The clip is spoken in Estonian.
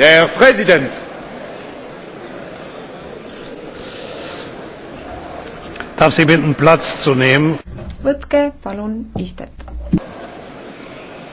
Der Präsident. Darf Sie bitten, Platz zu nehmen? Võtke palun istet.